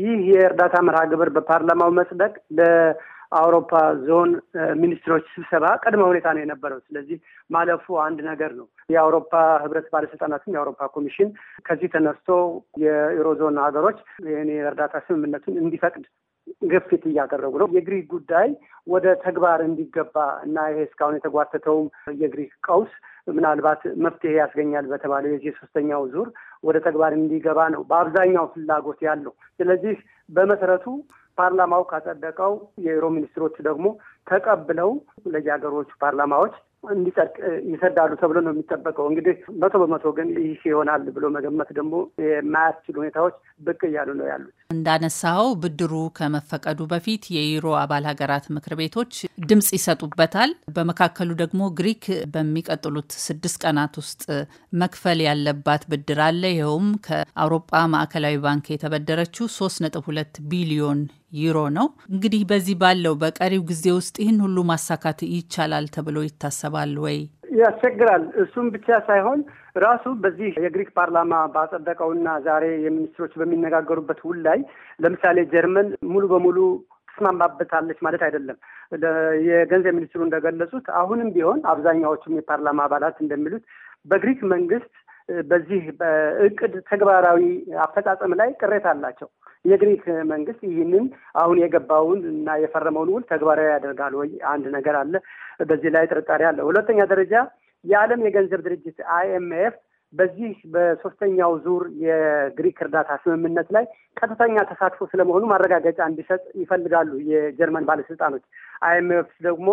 ይህ የእርዳታ መርሃ ግብር በፓርላማው መጽደቅ ለአውሮፓ ዞን ሚኒስትሮች ስብሰባ ቅድመ ሁኔታ ነው የነበረው። ስለዚህ ማለፉ አንድ ነገር ነው። የአውሮፓ ህብረት ባለስልጣናትም የአውሮፓ ኮሚሽን ከዚህ ተነስቶ የዩሮዞን ሀገሮች ይህን የእርዳታ ስምምነቱን እንዲፈቅድ ግፊት እያደረጉ ነው። የግሪክ ጉዳይ ወደ ተግባር እንዲገባ እና ይሄ እስካሁን የተጓተተውም የግሪክ ቀውስ ምናልባት መፍትሄ ያስገኛል በተባለው የዚህ ሶስተኛው ዙር ወደ ተግባር እንዲገባ ነው በአብዛኛው ፍላጎት ያለው። ስለዚህ በመሰረቱ ፓርላማው ካጸደቀው የዩሮ ሚኒስትሮች ደግሞ ተቀብለው ለየሀገሮቹ ፓርላማዎች እንዲጸድቅ ይሰዳሉ ተብሎ ነው የሚጠበቀው። እንግዲህ መቶ በመቶ ግን ይህ ይሆናል ብሎ መገመት ደግሞ የማያስችሉ ሁኔታዎች ብቅ እያሉ ነው ያሉት። እንዳነሳው ብድሩ ከመፈቀዱ በፊት የዩሮ አባል ሀገራት ምክር ቤቶች ድምጽ ይሰጡበታል። በመካከሉ ደግሞ ግሪክ በሚቀጥሉት ስድስት ቀናት ውስጥ መክፈል ያለባት ብድር አለ። ይኸውም ከአውሮፓ ማዕከላዊ ባንክ የተበደረችው ሶስት ነጥብ ሁለት ቢሊዮን ዩሮ ነው። እንግዲህ በዚህ ባለው በቀሪው ጊዜ ውስጥ ይህን ሁሉ ማሳካት ይቻላል ተብሎ ይታሰባል ወይ? ያስቸግራል። እሱም ብቻ ሳይሆን ራሱ በዚህ የግሪክ ፓርላማ ባጸደቀውና ዛሬ የሚኒስትሮች በሚነጋገሩበት ውል ላይ ለምሳሌ ጀርመን ሙሉ በሙሉ ትስማማበታለች ማለት አይደለም። የገንዘብ ሚኒስትሩ እንደገለጹት አሁንም ቢሆን አብዛኛዎቹም የፓርላማ አባላት እንደሚሉት በግሪክ መንግስት በዚህ በእቅድ ተግባራዊ አፈጻጸም ላይ ቅሬታ አላቸው። የግሪክ መንግስት ይህንን አሁን የገባውን እና የፈረመውን ውል ተግባራዊ ያደርጋል ወይ? አንድ ነገር አለ። በዚህ ላይ ጥርጣሬ አለ። ሁለተኛ ደረጃ የዓለም የገንዘብ ድርጅት አይኤምኤፍ በዚህ በሶስተኛው ዙር የግሪክ እርዳታ ስምምነት ላይ ቀጥተኛ ተሳትፎ ስለመሆኑ ማረጋገጫ እንዲሰጥ ይፈልጋሉ የጀርመን ባለስልጣኖች። አይኤምኤፍ ደግሞ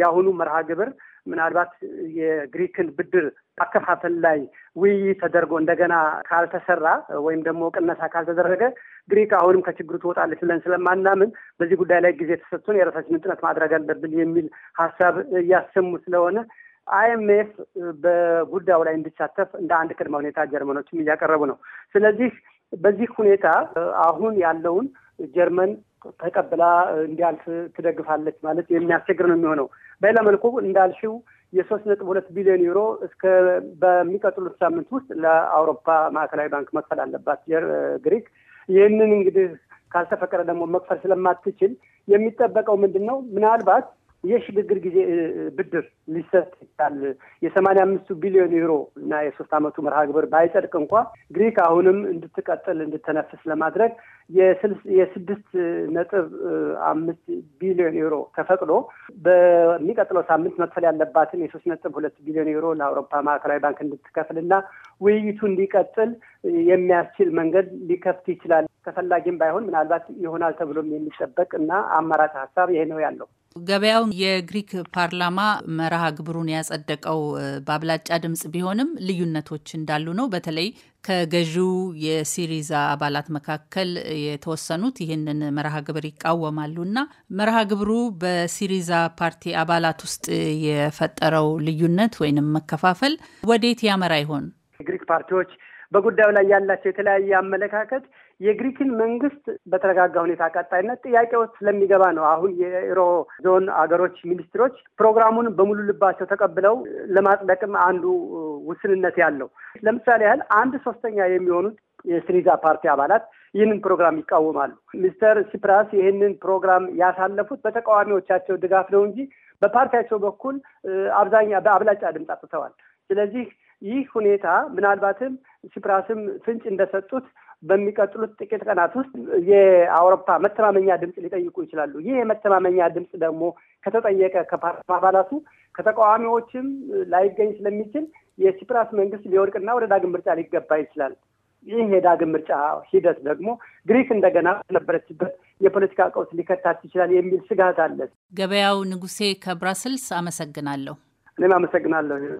የአሁኑ መርሃ ግብር ምናልባት የግሪክን ብድር አከፋፈል ላይ ውይይት ተደርጎ እንደገና ካልተሰራ ወይም ደግሞ ቅነሳ ካልተደረገ ግሪክ አሁንም ከችግሩ ትወጣለች ብለን ስለማናምን በዚህ ጉዳይ ላይ ጊዜ ተሰጥቶን የራሳችንን ጥናት ማድረግ አለብን የሚል ሀሳብ እያሰሙ ስለሆነ አይኤምኤፍ በጉዳዩ ላይ እንዲሳተፍ እንደ አንድ ቅድመ ሁኔታ ጀርመኖችም እያቀረቡ ነው። ስለዚህ በዚህ ሁኔታ አሁን ያለውን ጀርመን ተቀብላ እንዲያልፍ ትደግፋለች ማለት የሚያስቸግር ነው የሚሆነው። በሌላ መልኩ እንዳልሽው የሶስት ነጥብ ሁለት ቢሊዮን ዩሮ እስከ በሚቀጥሉት ሳምንት ውስጥ ለአውሮፓ ማዕከላዊ ባንክ መክፈል አለባት ግሪክ። ይህንን እንግዲህ ካልተፈቀደ ደግሞ መክፈል ስለማትችል የሚጠበቀው ምንድን ነው? ምናልባት የሽግግር ጊዜ ብድር ሊሰጥ ይቻል። የሰማንያ አምስቱ ቢሊዮን ዩሮ እና የሶስት ዓመቱ መርሃ ግብር ባይጸድቅ እንኳ ግሪክ አሁንም እንድትቀጥል እንድትነፍስ ለማድረግ የስድስት ነጥብ አምስት ቢሊዮን ዩሮ ተፈቅዶ በሚቀጥለው ሳምንት መክፈል ያለባትን የሶስት ነጥብ ሁለት ቢሊዮን ዩሮ ለአውሮፓ ማዕከላዊ ባንክ እንድትከፍል እና ውይይቱ እንዲቀጥል የሚያስችል መንገድ ሊከፍት ይችላል። ተፈላጊም ባይሆን ምናልባት ይሆናል ተብሎም የሚጠበቅ እና አማራጭ ሀሳብ ይሄ ነው ያለው። ገበያው የግሪክ ፓርላማ መርሃ ግብሩን ያጸደቀው በአብላጫ ድምጽ ቢሆንም ልዩነቶች እንዳሉ ነው። በተለይ ከገዢው የሲሪዛ አባላት መካከል የተወሰኑት ይህንን መርሃ ግብር ይቃወማሉ እና መርሃ ግብሩ በሲሪዛ ፓርቲ አባላት ውስጥ የፈጠረው ልዩነት ወይንም መከፋፈል ወዴት ያመራ ይሆን? የግሪክ ፓርቲዎች በጉዳዩ ላይ ያላቸው የተለያየ አመለካከት የግሪክን መንግስት በተረጋጋ ሁኔታ ቀጣይነት ጥያቄዎች ስለሚገባ ነው። አሁን የኢሮ ዞን አገሮች ሚኒስትሮች ፕሮግራሙን በሙሉ ልባቸው ተቀብለው ለማጽደቅም አንዱ ውስንነት ያለው ለምሳሌ ያህል አንድ ሶስተኛ የሚሆኑት የስሪዛ ፓርቲ አባላት ይህንን ፕሮግራም ይቃወማሉ። ሚስተር ሲፕራስ ይህንን ፕሮግራም ያሳለፉት በተቃዋሚዎቻቸው ድጋፍ ነው እንጂ በፓርቲያቸው በኩል አብዛኛ በአብላጫ ድምፅ አጥተዋል። ስለዚህ ይህ ሁኔታ ምናልባትም ሲፕራስም ፍንጭ እንደሰጡት በሚቀጥሉት ጥቂት ቀናት ውስጥ የአውሮፓ መተማመኛ ድምፅ ሊጠይቁ ይችላሉ። ይህ የመተማመኛ ድምፅ ደግሞ ከተጠየቀ ከፓርላማ አባላቱ ከተቃዋሚዎችም ላይገኝ ስለሚችል የሲፕራስ መንግስት ሊወድቅና ወደ ዳግም ምርጫ ሊገባ ይችላል። ይህ የዳግም ምርጫ ሂደት ደግሞ ግሪክ እንደገና ነበረችበት የፖለቲካ ቀውስ ሊከታት ይችላል የሚል ስጋት አለ። ገበያው ንጉሴ ከብራስልስ አመሰግናለሁ። እኔም አመሰግናለሁ።